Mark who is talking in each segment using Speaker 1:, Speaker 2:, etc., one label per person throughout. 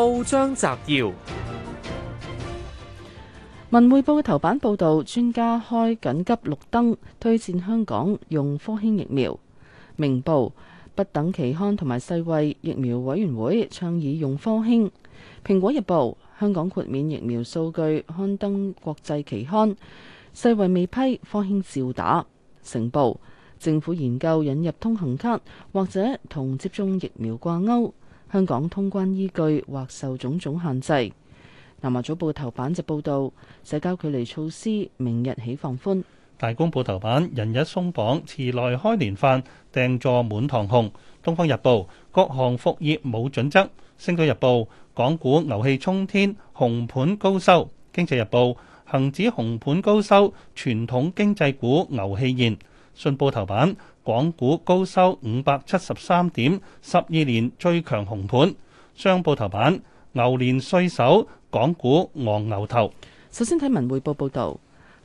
Speaker 1: 報章摘要：文匯報嘅頭版報道，專家開緊急綠燈，推薦香港用科興疫苗。明報不等期刊同埋世衛疫苗委員會倡議用科興。蘋果日報香港豁免疫苗數據刊登國際期刊，世衛未批，科興照打。成報政府研究引入通行卡或者同接種疫苗掛鈎。香港通關依據或受種種限制。南華早報頭版就報導社交距離措施明日起放寬。
Speaker 2: 大公報頭版，人日鬆綁，遲來開年飯，訂座滿堂紅。《東方日報》各項復業冇準則。《星島日報》港股牛氣沖天，紅盤高收。《經濟日報》恒指紅盤高收，傳統經濟股牛氣現。信報頭版，港股高收五百七十三點，十二年最強紅盤。商報頭版，
Speaker 1: 牛年歲首，港股昂牛頭。首先睇文匯報報導。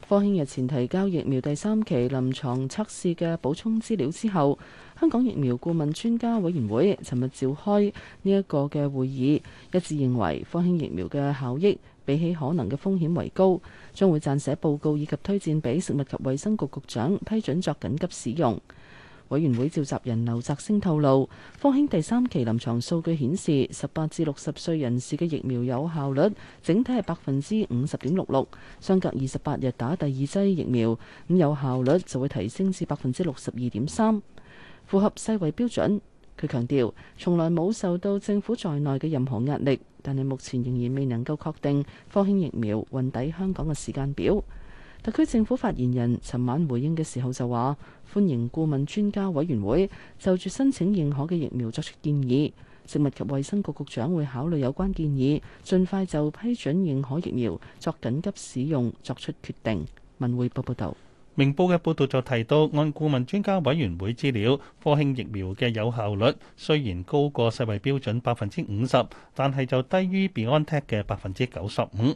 Speaker 1: 科興日前提交疫苗第三期臨床測試嘅補充資料之後，香港疫苗顧問專家委員會尋日召開呢一個嘅會議，一致認為科興疫苗嘅效益比起可能嘅風險為高，將會撰寫報告以及推薦畀食物及衛生局局長批准作緊急使用。委員會召集人劉澤星透露，科興第三期臨牀數據顯示，十八至六十歲人士嘅疫苗有效率整體係百分之五十點六六，相隔二十八日打第二劑疫苗，咁有效率就會提升至百分之六十二點三，符合世衛標準。佢強調，從來冇受到政府在內嘅任何壓力，但係目前仍然未能夠確定科興疫苗運抵香港嘅時間表。特區政府發言人尋晚回應嘅時候就話，歡迎顧問專家委員會就住申請認可嘅疫苗作出建議，食物及衛生局局長會考慮有關建議，盡快就批准認可疫苗作緊急使用作出決定。文匯報報道。
Speaker 2: 明報嘅報道就提到，按顧問專家委員會資料，科興疫苗嘅有效率雖然高過世衛標準百分之五十，但係就低於 Biontech 嘅百分之九十五。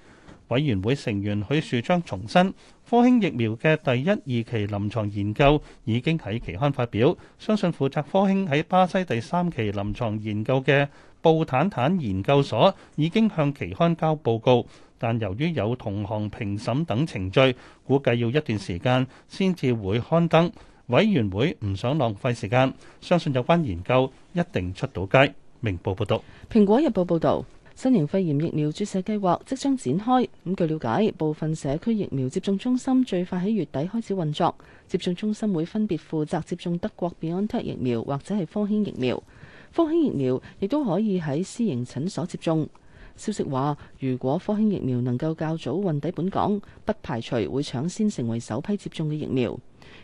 Speaker 2: 委員會成員許樹昌重申，科興疫苗嘅第一二期臨床研究已經喺期刊發表，相信負責科興喺巴西第三期臨床研究嘅布坦坦研究所已經向期刊交報告，但由於有同行評審等程序，估計要一段時間先至會刊登。委員會唔想浪費時間，相信有關研究一定出到街。明報報道。
Speaker 1: 蘋果日報報道。新型肺炎疫苗注射計劃即將展開。咁據瞭解，部分社區疫苗接種中心最快喺月底開始運作。接種中心會分別負責接種德國 BioNTech 疫苗或者係科興疫苗。科興疫苗亦都可以喺私營診所接種。消息話，如果科興疫苗能夠較早運抵本港，不排除會搶先成為首批接種嘅疫苗。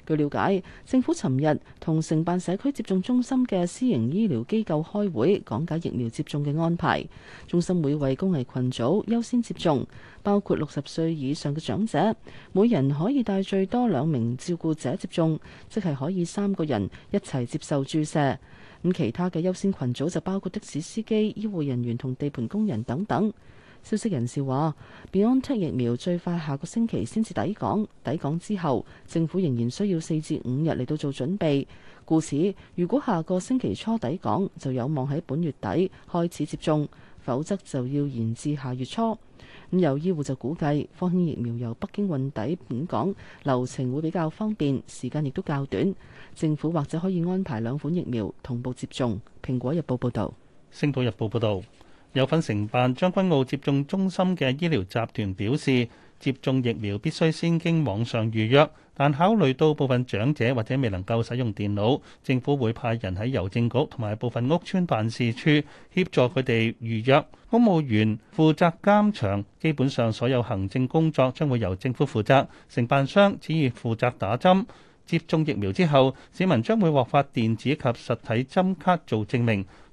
Speaker 1: 據了解，政府尋日同承辦社區接種中心嘅私營醫療機構開會講解疫苗接種嘅安排。中心會為高危群組優先接種，包括六十歲以上嘅長者，每人可以帶最多兩名照顧者接種，即係可以三個人一齊接受注射。咁其他嘅優先群組就包括的士司機、醫護人員同地盤工人等等。消息人士話，BioNTech 疫苗最快下個星期先至抵港，抵港之後政府仍然需要四至五日嚟到做準備，故此如果下個星期初抵港，就有望喺本月底開始接種，否則就要延至下月初。咁、嗯、有醫護就估計，科興疫苗由北京運抵本港流程會比較方便，時間亦都較短，政府或者可以安排兩款疫苗同步接種。蘋果日報報導，
Speaker 2: 星島日報報導。有份承辦將軍澳接種中心嘅醫療集團表示，接種疫苗必須先經網上預約，但考慮到部分長者或者未能夠使用電腦，政府會派人喺郵政局同埋部分屋邨辦事處協助佢哋預約。公務員負責監場，基本上所有行政工作將會由政府負責，承辦商只要負責打針。接種疫苗之後，市民將會獲發電子及實體針卡做證明。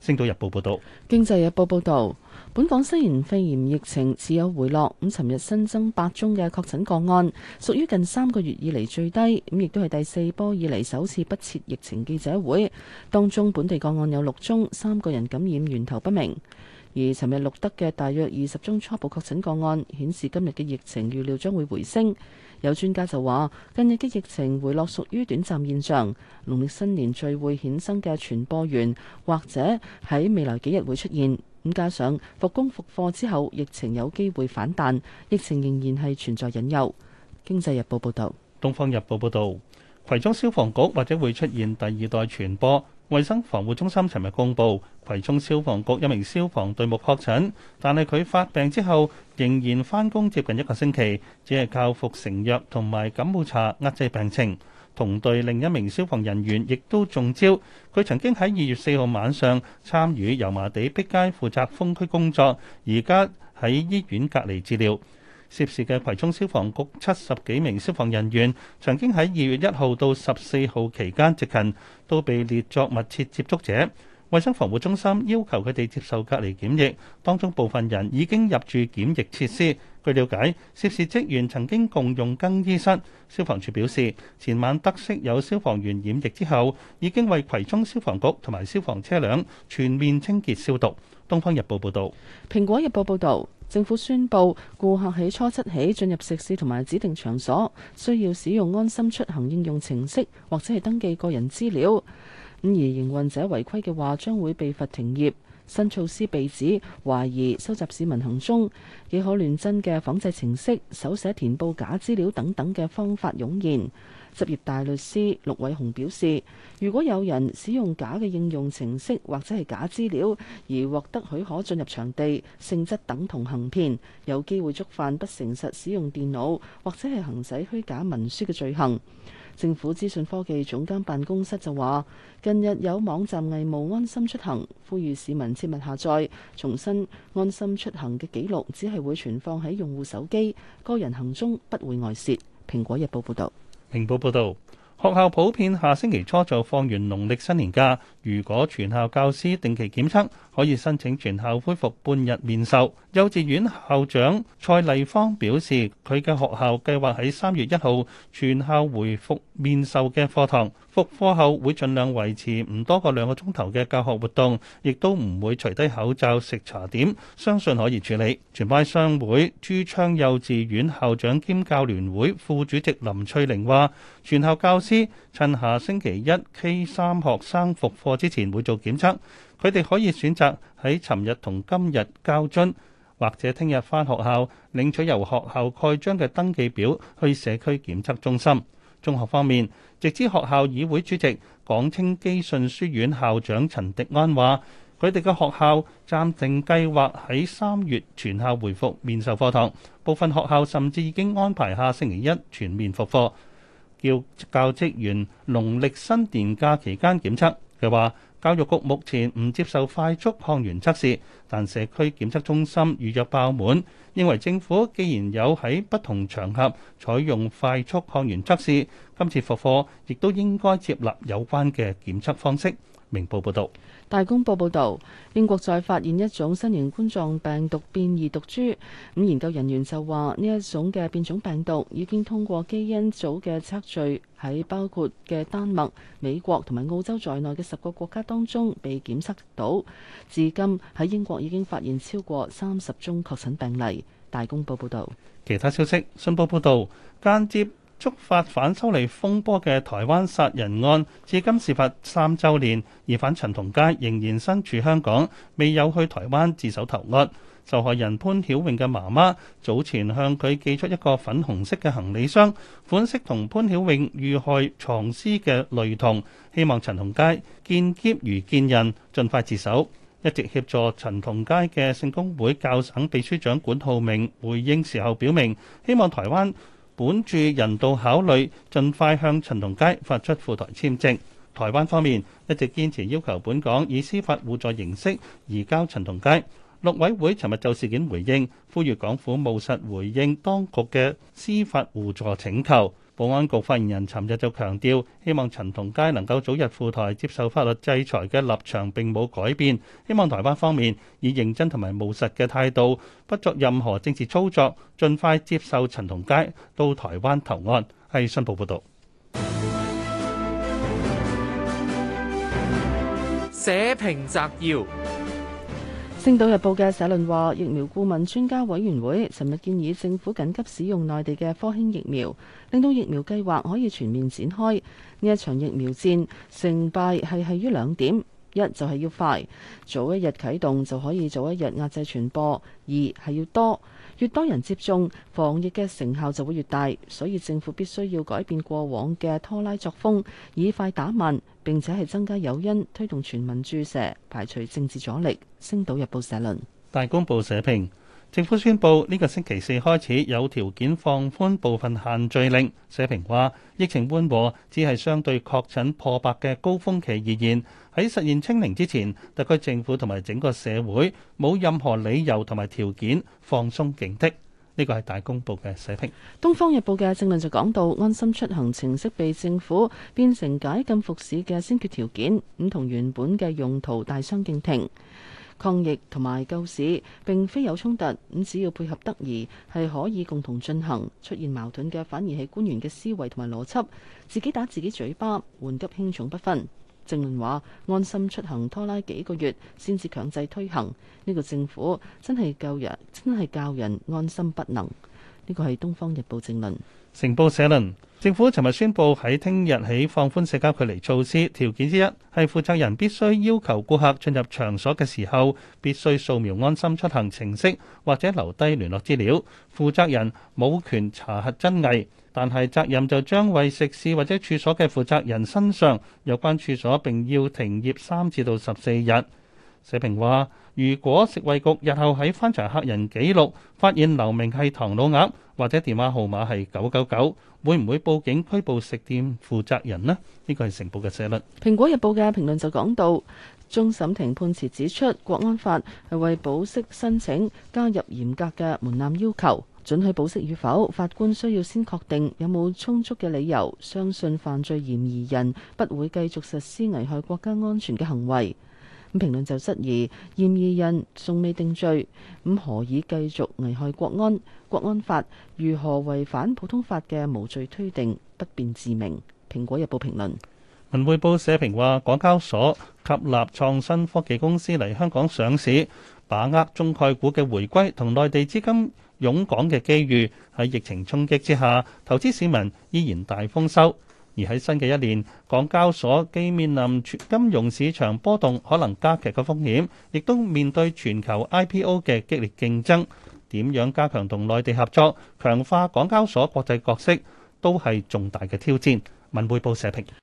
Speaker 1: 星島日報報道，經濟日報報道，本港新型肺炎疫情似有回落。咁，尋日新增八宗嘅確診個案，屬於近三個月以嚟最低。咁，亦都係第四波以嚟首次不設疫情記者會。當中本地個案有六宗，三個人感染源頭不明。而尋日錄得嘅大約二十宗初步確診個案，顯示今日嘅疫情預料將會回升。有專家就話，近日嘅疫情回落屬於短暫現象，農曆新年聚會衍生嘅傳播源，或者喺未來幾日會出現。咁加上復工復課之後，疫情有機會反彈，疫情仍然係存在隱憂。經濟日報報導，
Speaker 2: 東方日報報導，葵涌消防局或者會出現第二代傳播。衛生防護中心尋日公布，葵涌消防局一名消防隊目確診，但係佢發病之後仍然翻工接近一個星期，只係靠服成藥同埋感冒茶壓制病情。同隊另一名消防人員亦都中招，佢曾經喺二月四號晚上參與油麻地碧街負責封區工作，而家喺醫院隔離治療。涉事嘅葵涌消防局七十幾名消防人員曾經喺二月一號到十四號期間值勤，都被列作密切接觸者。衛生防護中心要求佢哋接受隔離檢疫，當中部分人已經入住檢疫設施。據了解，涉事職員曾經共用更衣室。消防處表示，前晚得悉有消防員染疫之後，已經為葵涌消防局同埋消防車輛全面清潔消毒。《
Speaker 1: 東方日報》報道，《蘋果日報》報道。政府宣布，顧客喺初七起進入食肆同埋指定場所，需要使用安心出行應用程式或者係登記個人資料。咁而營運者違規嘅話，將會被罰停業。新措施被指懷疑收集市民行蹤，幾可亂真嘅仿製程式、手寫填報假資料等等嘅方法湧現。執業大律師陸偉雄表示，如果有人使用假嘅應用程式或者係假資料而獲得許可進入場地，性質等同行騙，有機會觸犯不誠實使用電腦或者係行使虛假文書嘅罪行。政府資訊科技總監辦公室就話：近日有網站偽冒安心出行，呼籲市民切勿下載。重申，安心出行嘅記錄只係會存放喺用戶手機，個人行蹤，不會外泄。蘋果日報報道，
Speaker 2: 蘋果報道。學校普遍下星期初就放完農曆新年假。如果全校教師定期檢測，可以申請全校恢復半日面授。幼稚園校長蔡麗芳表示，佢嘅學校計劃喺三月一號全校回復面授嘅課堂。復課後會盡量維持唔多過兩個鐘頭嘅教學活動，亦都唔會除低口罩食茶點。相信可以處理。全派商會珠昌幼稚園校長兼教聯會副主席林翠玲話。全校教師趁下星期一 K 三學生復課之前會做檢測，佢哋可以選擇喺尋日同今日交樽，或者聽日返學校領取由學校蓋章嘅登記表，去社區檢測中心。中學方面，直資學校議會主席港青基信書院校長陳迪安話：佢哋嘅學校暫定計劃喺三月全校回復面授課堂，部分學校甚至已經安排下星期一全面復課。叫教職員農曆新年假期間檢測，佢話：教育局目前唔接受快速抗原測試，但社區檢測中心預約爆滿，認為政府既然有喺不同場合採用快速抗原測試，今次復課亦都應該接納有關嘅檢測方式。明報報道，
Speaker 1: 大公報報道，英國再發現一種新型冠狀病毒變異毒株。咁研究人員就話，呢一種嘅變種病毒已經通過基因組嘅測序，喺包括嘅丹麥、美國同埋澳洲在內嘅十個國家當中被檢測到。至今喺英國已經發現超過三十宗確診病例。大公報報道。
Speaker 2: 其他消息，新報報道。間接。觸發反修例風波嘅台灣殺人案，至今事發三週年，疑犯陳同佳仍然身處香港，未有去台灣自首投案。受害人潘曉穎嘅媽媽早前向佢寄出一個粉紅色嘅行李箱，款式同潘曉穎遇害藏屍嘅雷同，希望陳同佳見篋如見人，盡快自首。一直協助陳同佳嘅聖公會教省秘書長管浩鳴回應時候表明，希望台灣。本住人道考慮，盡快向陳同佳發出赴台簽證。台灣方面一直堅持要求本港以司法互助形式移交陳同佳。陸委會尋日就事件回應，呼籲港府務實回應當局嘅司法互助請求。保安局發言人尋日就強調，希望陳同佳能夠早日赴台接受法律制裁嘅立場，並冇改變。希望台灣方面以認真同埋務實嘅態度，不作任何政治操作，盡快接受陳同佳到台灣投案。係商報報道。
Speaker 1: 社評摘要。《星島日報》嘅社論話，疫苗顧問專家委員會尋日建議政府緊急使用內地嘅科興疫苗，令到疫苗計劃可以全面展開。呢一場疫苗戰，成敗係係於兩點：一就係要快，早一日啟動就可以早一日壓制傳播；二係要多。越多人接種，防疫嘅成效就會越大，所以政府必須要改變過往嘅拖拉作風，以快打慢，並且係增加誘因，推動全民注射，排除政治阻力。星島日報社論。
Speaker 2: 大公報社評。政府宣布呢個星期四開始有條件放寬部分限聚令。社評話：疫情緩和只係相對確診破百嘅高峰期而言，喺實現清零之前，特區政府同埋整個社會冇任何理由同埋條件放鬆警惕。呢個係大公報嘅社評。
Speaker 1: 《東方日報》嘅正論就講到，安心出行程式被政府變成解禁服市嘅先決條件，咁同原本嘅用途大相徑庭。抗疫同埋救市並非有衝突，咁只要配合得宜，係可以共同進行。出現矛盾嘅反而係官員嘅思維同埋邏輯，自己打自己嘴巴，緩急輕重不分。政論話安心出行拖拉幾個月先至強制推行，呢、這個政府真係救人，真係教人安心不能。呢個係東方日報政論。成報社論。政府尋日宣布喺
Speaker 2: 聽日起放寬社交距離措施，條件之一係負責人必須要求顧客進入場所嘅時候，必須掃描安心出行程式或者留低聯絡資料。負責人冇權查核真偽，但係責任就將為食肆或者處所嘅負責人身上，有關處所並要停業三至到十四日。社評話：如果食衛局日後喺翻查客人記錄，發現劉明係唐老鴨或者電話號碼係九九九，會唔會報警拘捕食店負責人呢？呢個係《成
Speaker 1: 報》嘅社論。蘋果日報嘅評論就講到：終審庭判詞指出，國安法係為保釋申請加入嚴格嘅門檻要求，准許保釋與否，法官需要先確定有冇充足嘅理由，相信犯罪嫌疑人不會繼續實施危害國家安全嘅行為。咁評論就質疑，嫌疑人仲未定罪，咁何以繼續危害國安？國安法如何違反普通法嘅無罪推定，不辨自明。《蘋果日報》評論。
Speaker 2: 《文匯報》社評話，港交所吸納創新科技公司嚟香港上市，把握中概股嘅回歸同內地資金湧港嘅機遇，喺疫情衝擊之下，投資市民依然大豐收。而喺新嘅一年，港交所既面臨金融市場波動可能加劇嘅風險，亦都面對全球 IPO 嘅激烈競爭，點樣加強同內地合作，強化港交所國際角色，都係重大嘅挑戰。文匯報社評。